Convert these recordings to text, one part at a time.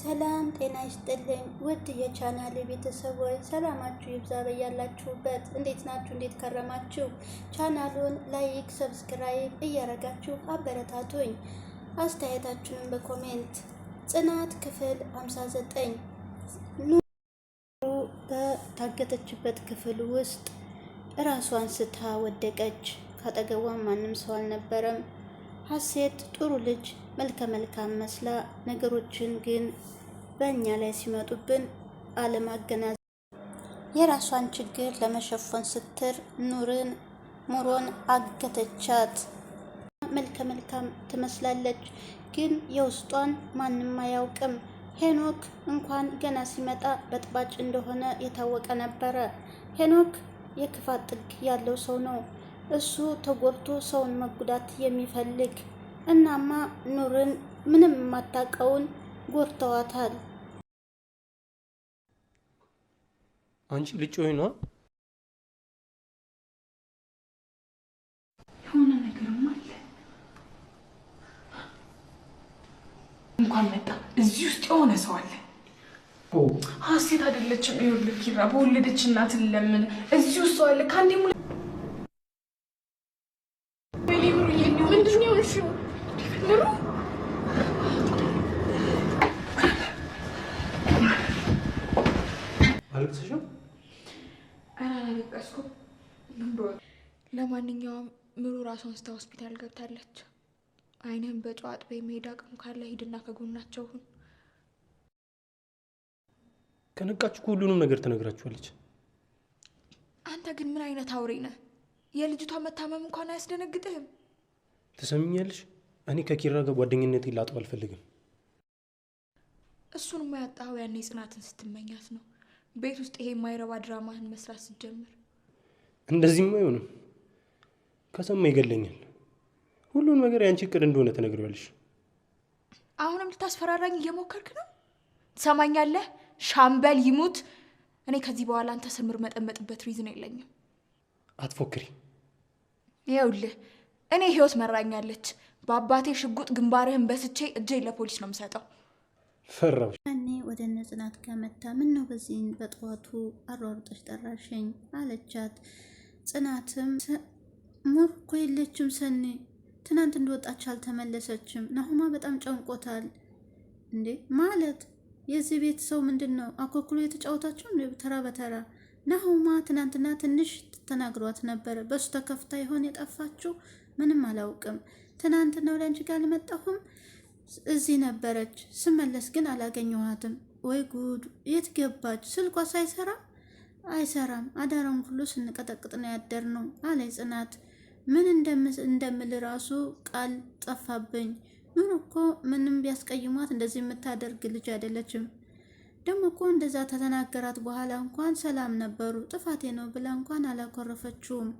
ሰላም ጤና ይስጥልኝ ውድ የቻናል ቤተሰቦች ሰላማችሁ ይብዛ በያላችሁበት። እንዴት ናችሁ? እንዴት ከረማችሁ? ቻናሉን ላይክ፣ ሰብስክራይብ እያረጋችሁ አበረታቱኝ። አስተያየታችሁን በኮሜንት ጽናት ክፍል 59 ኑ በታገተችበት ክፍል ውስጥ እራሷን ስታ ወደቀች። ካጠገቧም ማንም ሰው አልነበረም። ሀሴት ጥሩ ልጅ መልከ መልካም መስላ ነገሮችን ግን በእኛ ላይ ሲመጡብን አለማገናዘ የራሷን ችግር ለመሸፈን ስትር ኑርን ሙሮን አገተቻት። መልከ መልካም ትመስላለች፣ ግን የውስጧን ማንም አያውቅም። ሄኖክ እንኳን ገና ሲመጣ በጥባጭ እንደሆነ የታወቀ ነበረ። ሄኖክ የክፋት ጥግ ያለው ሰው ነው። እሱ ተጎድቶ ሰውን መጉዳት የሚፈልግ እናማ ኑርን ምንም የማታውቀውን ጎድተዋታል። አንቺ ልጭ ሆይ ነው የሆነ ነገርም አለ። እንኳን መጣ። እዚህ ውስጥ የሆነ ሰው አለ። ሀሴት አይደለችም። ይኸውልህ ኪራ በወለደች እናትን ለምን እዚህ ውስጥ ሰው አለ ከአንዴ አለቅሰሽም? ኧረ አላለቀስኩም። ለማንኛውም ምሩ ራሷን ስታ ሆስፒታል ገብታለች። አይንህን በጨዋጥ ወይ የመሄድ አቅም ካለ ሂድና ከጎናቸው ሁን። ከነቃችሁ ሁሉንም ነገር ትነግራችኋለች። አንተ ግን ምን አይነት አውሬ ነህ? የልጅቷ መታመም እንኳን አያስደነግጥህም? ትሰምኛለሽ? እኔ ከኪራ ጋር ጓደኝነቴን ላጥብ አልፈልግም። እሱን ማያጣው ያኔ ጽናትን ስትመኛት ነው። ቤት ውስጥ ይሄ የማይረባ ድራማህን መስራት ስትጀምር። እንደዚህም አይሆንም፣ ከሰማ ይገለኛል። ሁሉን ነገር ያንቺ እቅድ እንደሆነ ትነግሪዋለሽ። አሁንም ልታስፈራራኝ እየሞከርክ ነው? ትሰማኛለህ? ሻምበል ይሙት፣ እኔ ከዚህ በኋላ አንተ ስምር መጠመጥበት ሪዝን የለኝም። አትፎክሪ። ይኸውልህ እኔ ህይወት መራኛለች። በአባቴ ሽጉጥ ግንባርህን በስቼ እጄ ለፖሊስ ነው የምሰጠው። ፈራሽ ያኔ ወደ እነ ጽናት ጋር መታ ምን ነው በዚህን በጠዋቱ አሯርጦች ጠራሸኝ አለቻት። ጽናትም ሙር እኮ የለችም ሰኔ ትናንት እንደወጣች አልተመለሰችም። ናሁማ በጣም ጨንቆታል። እንዴ ማለት የዚህ ቤት ሰው ምንድን ነው የተጫወታችሁ የተጫወታቸው ተራ በተራ ናሁማ ትናንትና ትንሽ ተናግሯት ነበረ። በሱ ተከፍታ ይሆን የጠፋችሁ? ምንም አላውቅም። ትናንትና ወደ አንቺ ጋር አልመጣሁም እዚህ ነበረች። ስመለስ ግን አላገኘኋትም። ወይ ጉድ! የት ገባች? ስልኳስ አይሰራ አይሰራም። አዳራውን ሁሉ ስንቀጠቅጥ ነው ያደር ነው አለ ጽናት። ምን እንደምል ራሱ ቃል ጠፋብኝ። ምን እኮ ምንም ቢያስቀይሟት እንደዚህ የምታደርግ ልጅ አይደለችም። ደግሞ እኮ እንደዛ ተተናገራት በኋላ እንኳን ሰላም ነበሩ። ጥፋቴ ነው ብላ እንኳን አላኮረፈችውም።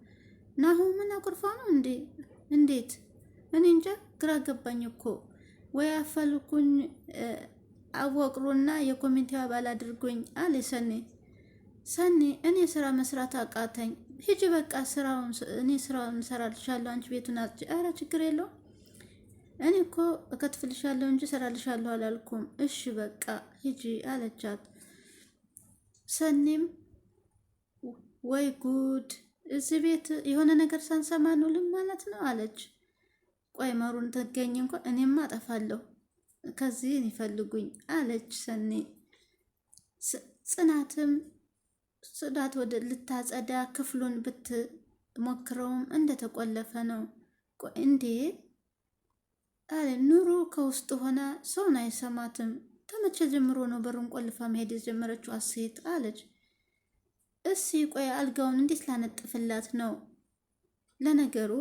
ናሁ ምን አኩርፋ ነው እንዴ? እንዴት? እኔ እንጃ ግራ ገባኝ እኮ ወያፈልኩኝ አወቅሩና የኮሚቴ አባል አድርጎኝ አለ ሰኔ። ሰኔ እኔ ስራ መስራት አቃተኝ። ሂጂ በቃ ስራውን እኔ ስራውን እሰራልሻለሁ፣ አንቺ ቤቱን አጭ። አረ ችግር የለውም እኔ እኮ እከትፍልሻለሁ እንጂ እሰራልሻለሁ አላልኩም። እሺ በቃ ሂጂ አለቻት። ሰኔም ወይ ጉድ፣ እዚህ ቤት የሆነ ነገር ሳንሰማ ኑልም ማለት ነው አለች። ቆይ መሩን ትገኝ እንኳ እኔማ አጠፋለሁ ከዚህን ይፈልጉኝ አለች ሰኔ። ጽናትም ጽዳት ወደ ልታጸዳ ክፍሉን ብትሞክረውም እንደተቆለፈ ነው። ቆይ እንዴ አለ ኑሮ ከውስጥ ሆና ሰውን አይሰማትም። ተመቼ ጀምሮ ነው በሩን ቆልፋ መሄድ የጀመረችው አሴት አለች። እሺ ቆይ አልጋውን እንዴት ላነጥፍላት ነው ለነገሩ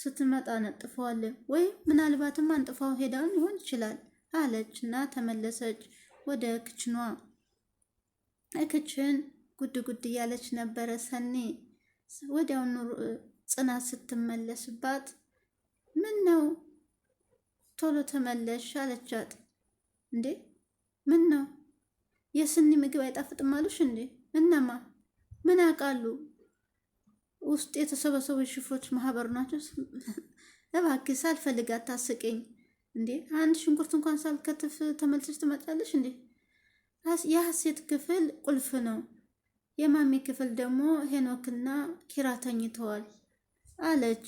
ስትመጣ ነጥፈዋለን ወይም ምናልባትም አንጥፋው ሄዳም ሊሆን ይችላል አለች እና ተመለሰች ወደ ክችኗ። እክችን ጉድ ጉድ እያለች ነበረ ሰኔ። ወዲያውኑ ጽናት ስትመለስባት ምን ነው ቶሎ ተመለሽ አለቻት። እንዴ ምን ነው የስኒ ምግብ አይጣፍጥም አሉሽ እንዴ? እነማ ምን አውቃሉ ውስጥ የተሰበሰቡ ሽፎች ማህበር ናቸው። እባክህ ሳልፈልግ አታስቀኝ እንዴ! አንድ ሽንኩርት እንኳን ሳልከትፍ ተመልሰሽ ትመጣለች እንዴ? የሀሴት ክፍል ቁልፍ ነው። የማሚ ክፍል ደግሞ ሄኖክና ኪራ ተኝተዋል አለች።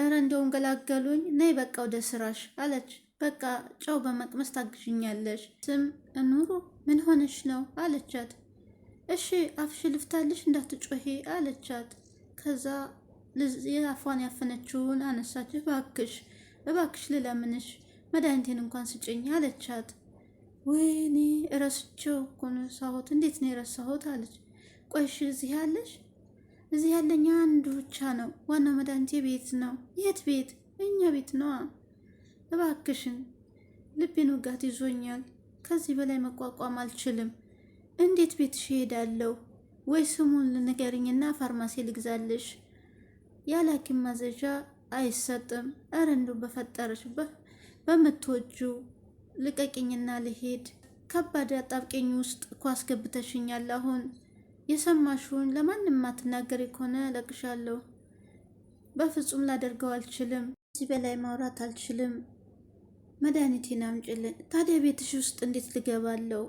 እረ እንደውም ገላገሉኝ። ነይ በቃ ወደ ስራሽ አለች። በቃ ጨው በመቅመስ ታግዥኛለሽ። ስም እኑሩ ምን ሆነሽ ነው አለቻት። እሺ አፍሽ ልፍታልሽ እንዳትጮሄ አለቻት። ከዛ የአፏን ያፈነችውን አነሳች። እባክሽ እባክሽ ልለምንሽ መድኃኒቴን እንኳን ስጭኝ አለቻት። ወይኔ እረስቸው ኩን ነው ሳሁት፣ እንዴት ነው የረሳሁት አለች። ቆይሽ እዚህ ያለሽ እዚህ ያለኝ አንዱ ብቻ ነው። ዋናው መድኃኒቴ ቤት ነው። የት ቤት? እኛ ቤት ነዋ። እባክሽን ልቤን ውጋት ይዞኛል። ከዚህ በላይ መቋቋም አልችልም። እንዴት ቤትሽ እሄዳለሁ ወይ? ስሙን ልነገርኝና ፋርማሲ ልግዛልሽ። ያለ ሐኪም ማዘዣ አይሰጥም። ኧረ እንደው በፈጠረሽ በምትወጂው ልቀቂኝና ልሄድ። ከባድ አጣብቂኝ ውስጥ እኮ አስገብተሽኛል። አሁን የሰማሽውን ለማንም አትናገሪ ከሆነ ለቅሻለሁ። በፍጹም ላደርገው አልችልም። እዚህ በላይ ማውራት አልችልም። መድኃኒቴን አምጪልኝ። ታዲያ ቤትሽ ውስጥ እንዴት ልገባለው?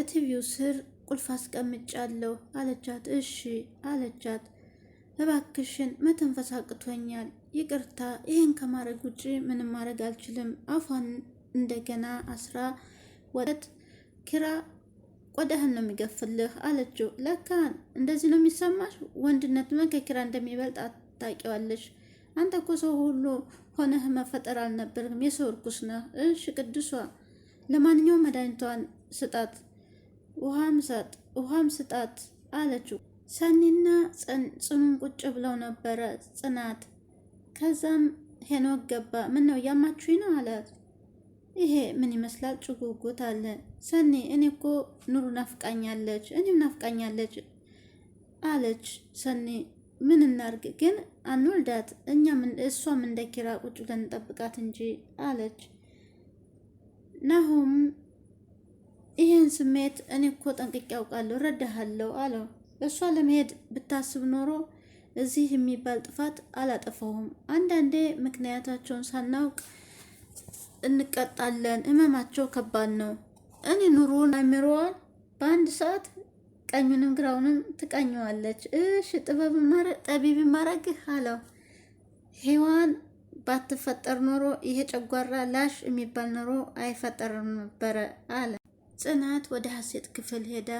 እትቪው ስር ቁልፍ አስቀምጫለሁ አለቻት። እሺ አለቻት። እባክሽን መተንፈስ አቅቶኛል፣ ይቅርታ፣ ይህን ከማድረግ ውጭ ምንም ማድረግ አልችልም። አፏን እንደገና አስራ ወጠት ኪራ ቆዳህን ነው የሚገፍልህ አለችው። ለካን እንደዚህ ነው የሚሰማሽ? ወንድነት ከኪራ እንደሚበልጥ ታውቂዋለሽ። አንተ እኮ ሰው ሁሉ ሆነህ መፈጠር አልነበርም፣ የሰው እርኩስ ነህ። እሺ ቅዱሷ፣ ለማንኛውም መድኃኒቷን ስጣት ውሃም ስጣት አለችው። ሰኒና ጽኑን ቁጭ ብለው ነበረ ጽናት። ከዛም ሄኖክ ገባ። ምን ነው ያማችሁኝ ነው አላት። ይሄ ምን ይመስላል ጭጉጉት አለ ሰኒ። እኔ እኮ ኑሩ ናፍቃኛለች፣ እኔም ናፍቃኛለች አለች ሰኒ። ምን እናርግ ግን አንወልዳት፣ እኛ እሷም እንደ ኪራ ቁጭ ብለን እንጠብቃት እንጂ አለች ናሁም ይህን ስሜት እኔ እኮ ጠንቅቄ ያውቃለሁ፣ ረዳሃለሁ አለው። እሷ ለመሄድ ብታስብ ኖሮ እዚህ የሚባል ጥፋት አላጠፋሁም። አንዳንዴ ምክንያታቸውን ሳናውቅ እንቀጣለን። ህመማቸው ከባድ ነው። እኔ ኑሮን አይምሮዋል በአንድ ሰዓት ቀኙንም ግራውንም ትቀኘዋለች። እሽ ጥበብ ጠቢብ ማረግህ አለው። ሔዋን ባትፈጠር ኖሮ ይሄ ጨጓራ ላሽ የሚባል ኖሮ አይፈጠርም ነበረ አለ። ጽናት ወደ ሀሴት ክፍል ሄዳ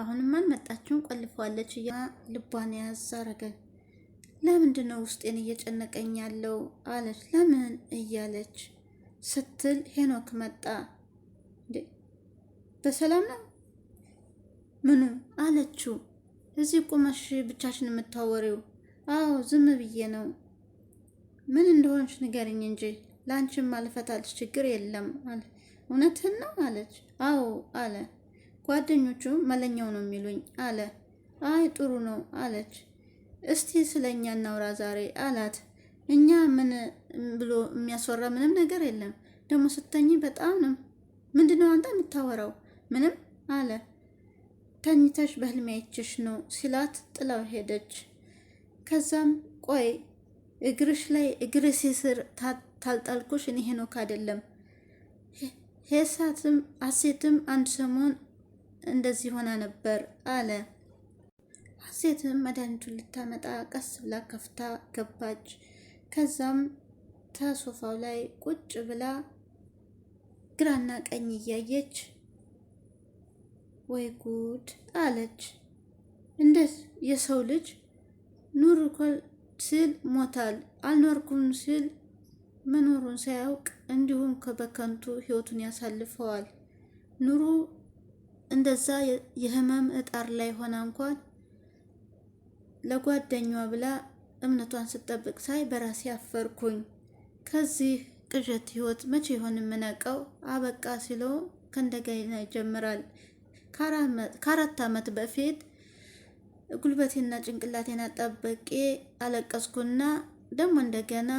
አሁንም አልመጣችሁም ቆልፈዋለች እያ ልቧን ያዝ አረገ። ለምንድን ነው ውስጤን እየጨነቀኝ ያለው አለች። ለምን እያለች ስትል ሄኖክ መጣ። በሰላም ነው ምኑ አለችው። እዚህ ቁመሽ ብቻሽን የምታወሪው? አዎ ዝም ብዬ ነው። ምን እንደሆንሽ ንገርኝ እንጂ ለአንቺም ማልፈታልሽ ችግር የለም አለ እውነትህን ነው አለች። አዎ አለ። ጓደኞቹ መለኛው ነው የሚሉኝ አለ። አይ ጥሩ ነው አለች። እስቲ ስለኛ እናውራ ዛሬ አላት። እኛ ምን ብሎ የሚያስወራ ምንም ነገር የለም። ደግሞ ስተኝ በጣም ነው። ምንድነው አንተ የምታወራው? ምንም አለ። ተኝተሽ በህልሜ አይቼሽ ነው ሲላት ጥላው ሄደች። ከዛም ቆይ እግርሽ ላይ እግር ሲስር ታልጣልኩሽ እኔ ሄኖክ አይደለም ሄሳትም አሴትም አንድ ሰሞን እንደዚህ ሆና ነበር አለ። አሴትም መድኃኒቱን ልታመጣ ቀስ ብላ ከፍታ ገባች። ከዛም ተሶፋው ላይ ቁጭ ብላ ግራና ቀኝ እያየች ወይ ጉድ አለች። እንደ የሰው ልጅ ኑር እኮ ስል ሞታል፣ አልኖርኩም ስል መኖሩን ሳያውቅ እንዲሁም በከንቱ ህይወቱን ያሳልፈዋል። ኑሩ እንደዛ የህመም እጣር ላይ ሆና እንኳን ለጓደኛዋ ብላ እምነቷን ስጠብቅ ሳይ በራሴ አፈርኩኝ። ከዚህ ቅዠት ህይወት መቼ ይሆን የምነቀው? አበቃ ሲለው ከእንደገና ይጀምራል። ከአራት ዓመት በፊት ጉልበቴና ጭንቅላቴን አጣበቄ አለቀስኩና ደግሞ እንደገና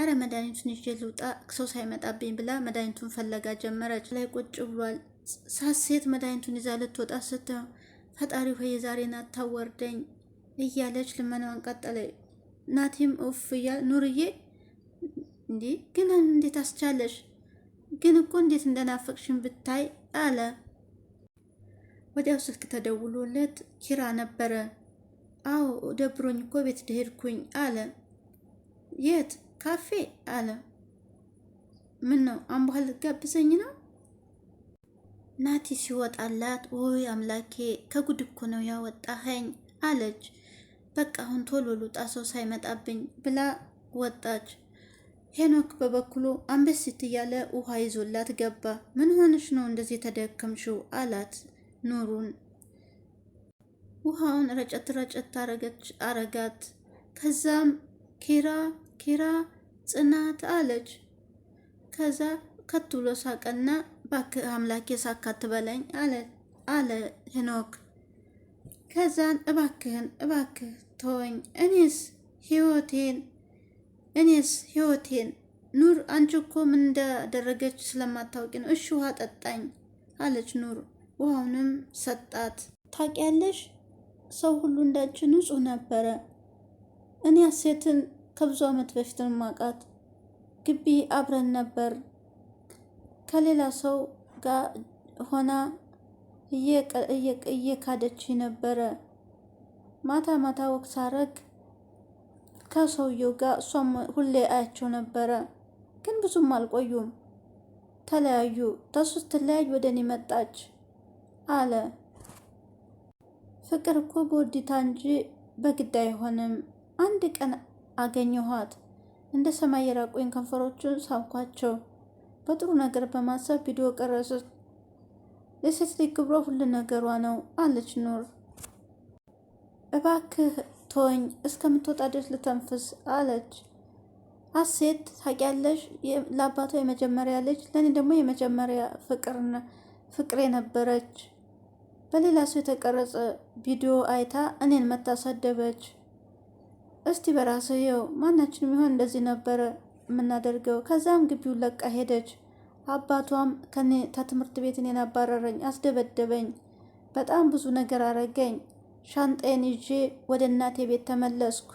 አረ መድኃኒቱን ይዤ ልውጣ ሰው ሳይመጣብኝ ብላ መድኃኒቱን ፈለጋ ጀመረች። ላይ ቁጭ ብሏል። ሳሴት መድኃኒቱን ይዛ ልትወጣ ስትሆን ፈጣሪ ሆይ የዛሬን አታወርደኝ እያለች ልመናዋን ቀጠለች። ናቲም ኡፍ እያ ኑርዬ እንዲ ግን እንዴት አስቻለሽ? ግን እኮ እንዴት እንደናፈቅሽን ብታይ አለ። ወዲያው ስልክ ተደውሎለት ኪራ ነበረ። አዎ ደብሮኝ እኮ ቤት ደሄድኩኝ አለ። የት ካፌ አለ። ምን ነው አምባህ ልጋብዘኝ ነው? ናቲ ሲወጣላት ወይ አምላኬ ከጉድ እኮ ነው ያወጣኸኝ አለች። በቃ አሁን ቶሎ ልውጣ ሰው ሳይመጣብኝ ብላ ወጣች። ሄኖክ በበኩሉ አንበሲት እያለ ውሃ ይዞላት ገባ። ምን ሆነሽ ነው እንደዚህ ተደከምሽው? አላት ኑሩን። ውሃውን ረጨት ረጨት አረገች አረጋት። ከዛም ኪራ ኪራ ጽናት አለች። ከዛ ከት ብሎ ሳቀና ባክ አምላኬ ሳካት በለኝ አለ ሄኖክ። ከዛን እባክህን እባክህ ተወኝ፣ እኔስ ህይወቴን እኔስ ህይወቴን ኑር፣ አንቺ እኮ ምን እንዳደረገች ስለማታውቂ ነው። እሺ ውሃ ጠጣኝ አለች ኑር። ውሃውንም ሰጣት። ታውቂያለሽ ሰው ሁሉ እንዳንቺ ንጹህ ነበረ እኔ ሴትን ከብዙ ዓመት በፊት ማቃት ግቢ አብረን ነበር። ከሌላ ሰው ጋር ሆና እየካደች ነበረ። ማታ ማታ ወቅ ሳረግ ከሰውየው ጋር እሷም ሁሌ አያቸው ነበረ። ግን ብዙም አልቆዩም፣ ተለያዩ። ተሱ ስትለያይ ወደ እኔ መጣች አለ። ፍቅር እኮ በወዲታ እንጂ በግድ አይሆንም። አንድ ቀን አገኘኋት። እንደ ሰማይ የራቁኝ ከንፈሮቹን ሳብኳቸው። በጥሩ ነገር በማሰብ ቪዲዮ ቀረጹት። የሴት ልጅ ክብሯ ሁሉ ነገሯ ነው አለች ኑር። እባክህ ቶኝ እስከምትወጣ ድረስ ልተንፍስ አለች። አሴት ታውቂያለሽ፣ ለአባቷ የመጀመሪያ ልጅ ለእኔ ደግሞ የመጀመሪያ ፍቅሬ ነበረች። በሌላ ሰው የተቀረጸ ቪዲዮ አይታ እኔን መታሰደበች። እስቲ በራስህ ማናችን ማናችንም ይሆን እንደዚህ ነበር የምናደርገው። ከዛም ግቢውን ለቃ ሄደች። አባቷም ከኔ ከትምህርት ቤት እኔን አባረረኝ፣ አስደበደበኝ፣ በጣም ብዙ ነገር አረገኝ። ሻንጣዬን ይዤ ወደ እናቴ ቤት ተመለስኩ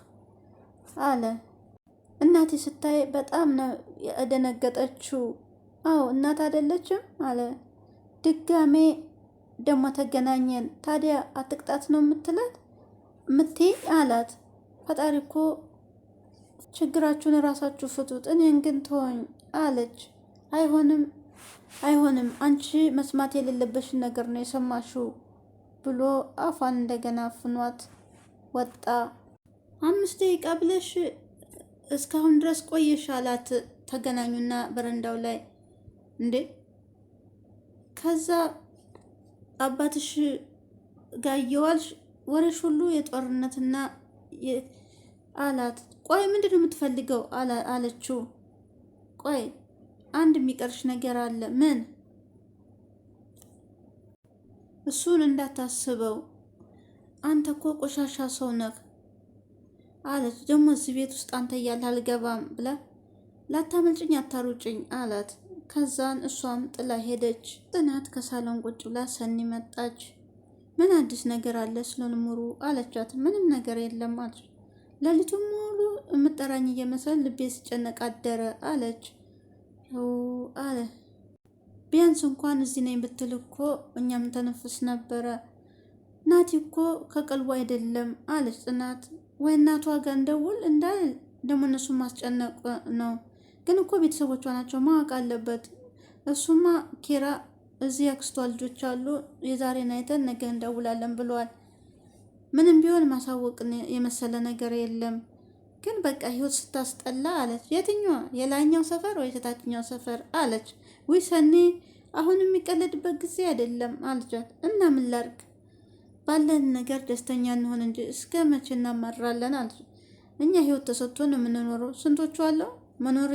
አለ። እናቴ ስታይ በጣም ነው የደነገጠችው። አዎ እናት አይደለችም አለ። ድጋሜ ደግሞ ተገናኘን። ታዲያ አትቅጣት ነው የምትላት ምቴ አላት። ፈጣሪ እኮ ችግራችሁን ራሳችሁ ፍቱት፣ እኔን ግን ተወኝ አለች። አይሆንም አይሆንም፣ አንቺ መስማት የሌለበሽን ነገር ነው የሰማሽው ብሎ አፏን እንደገና ፍኗት ወጣ። አምስት ደቂቃ ብለሽ እስካሁን ድረስ ቆየሽ አላት። ተገናኙና በረንዳው ላይ እንዴ ከዛ አባትሽ ጋየዋልሽ ወሬሽ ሁሉ የጦርነትና አላት። ቆይ ምንድን ነው የምትፈልገው አለችው። ቆይ አንድ የሚቀርሽ ነገር አለ። ምን? እሱን እንዳታስበው አንተ እኮ ቆሻሻ ሰው ነህ አለች። ደግሞ እዚህ ቤት ውስጥ አንተ እያለ አልገባም ብለ ላታመልጭኝ አታሩጭኝ አላት። ከዛን እሷም ጥላ ሄደች። ጥናት ከሳሎን ቁጭ ብላ ሰኒ መጣች። ምን አዲስ ነገር አለ ስለ ልሙሩ አለቻት። ምንም ነገር የለም አለች። ለሊቱም ሙሉ የምጠራኝ እየመሰል ልቤ ሲጨነቅ አደረ አለች አለ። ቢያንስ እንኳን እዚህ ነኝ ብትል እኮ እኛም ተነፍስ ነበረ። ናቲ እኮ ከቀልቡ አይደለም አለች ጽናት። ወይ እናቷ ጋር እንደውል እንዳል ደግሞ እነሱ ማስጨነቅ ነው። ግን እኮ ቤተሰቦቿ ናቸው ማወቅ አለበት። እሱማ ኬራ እዚህ ያክስቷ ልጆች አሉ፣ የዛሬን አይተን ነገ እንደውላለን ብለዋል። ምንም ቢሆን ማሳወቅ የመሰለ ነገር የለም። ግን በቃ ህይወት ስታስጠላ አለች። የትኛዋ የላይኛው ሰፈር ወይ የታችኛው ሰፈር አለች። ውይ ሰኔ፣ አሁን የሚቀለድበት ጊዜ አይደለም አለቻት። እና ምን ላድርግ ባለን ነገር ደስተኛ እንሆን እንጂ እስከ መቼ እናማራለን አለች። እኛ ህይወት ተሰጥቶ ነው የምንኖረው ስንቶቹ አለው መኖር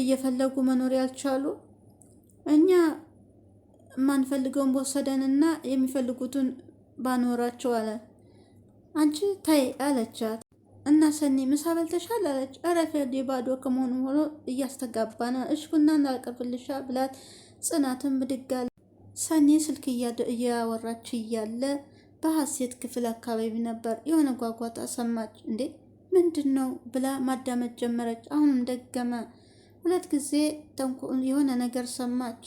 እየፈለጉ መኖር ያልቻሉ እኛ የማንፈልገውን በወሰደንና የሚፈልጉትን ባኖራቸው አለ። አንቺ ታይ አለቻት እና ሰኒ ምሳ በልተሻል አለች። ረፌል ባዶ ከመሆኑ ሆኖ እያስተጋባ ነው። እሽ ቡና እንዳልቀብልሻ ብላት ጽናትን ብድጋል። ሰኒ ስልክ እያወራች እያለ በሀሴት ክፍል አካባቢ ነበር የሆነ ጓጓታ ሰማች። እንዴ ምንድን ነው ብላ ማዳመጥ ጀመረች። አሁንም ደገመ። ሁለት ጊዜ የሆነ ነገር ሰማች።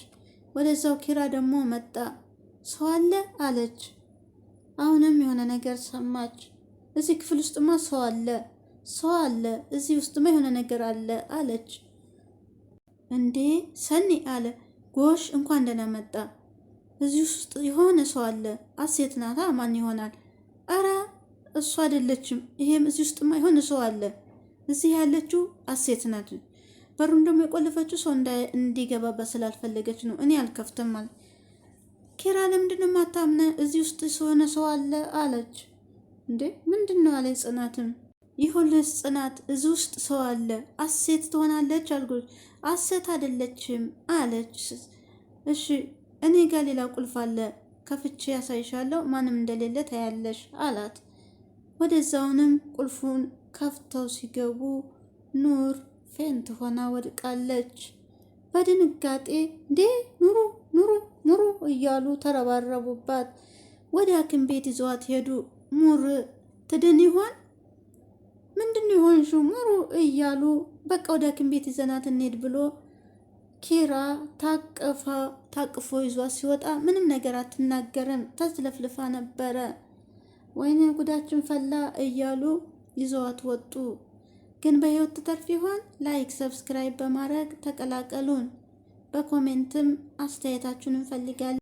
ወደዛው ኪራ ደግሞ መጣ። ሰው አለ አለች። አሁንም የሆነ ነገር ሰማች። እዚህ ክፍል ውስጥማ ሰው አለ፣ ሰው አለ፣ እዚህ ውስጥማ የሆነ ነገር አለ አለች። እንዴ ሰኒ አለ። ጎሽ እንኳን ደህና መጣ። እዚህ ውስጥ የሆነ ሰው አለ። አሴት ናታ። ማን ይሆናል? አረ እሱ አይደለችም። ይሄም እዚህ ውስጥማ የሆነ ሰው አለ። እዚህ ያለችው አሴት ናት። በሩን ደግሞ የቆለፈችው ሰው እንዲገባበት ስላልፈለገች ነው። እኔ አልከፍትም አለ ኪራ። ለምንድን ነው የማታምነ እዚህ ውስጥ የሆነ ሰው አለ አለች። እንዴ ምንድን ነው አለ ጽናትም። ይሁንስ ጽናት እዚህ ውስጥ ሰው አለ አሴት ትሆናለች አልጎች። አሴት አይደለችም አለች። እሺ እኔ ጋር ሌላ ቁልፍ አለ ከፍቼ ያሳይሻለሁ፣ ማንም እንደሌለ ታያለሽ አላት። ወደዛውንም ቁልፉን ከፍተው ሲገቡ ኑር ፌንት ሆና ወድቃለች። በድንጋጤ እንዴ ኑሩ ኑሩ ኑሩ እያሉ ተረባረቡባት። ወደ ሐኪም ቤት ይዘዋት ሄዱ። ሙር ትድን ይሆን ምንድን ይሆን ሹ ሙሩ እያሉ በቃ ወደ ሐኪም ቤት ይዘናት እንሄድ ብሎ ኪራ ታቀፋ ታቅፎ ይዟት ሲወጣ ምንም ነገር አትናገርም። ተዝለፍልፋ ነበረ። ወይኔ ጉዳችን ፈላ እያሉ ይዘዋት ወጡ። ግን በህይወት ትተርፍ ይሆን? ላይክ ሰብስክራይብ በማድረግ ተቀላቀሉን። በኮሜንትም አስተያየታችሁን እንፈልጋለን።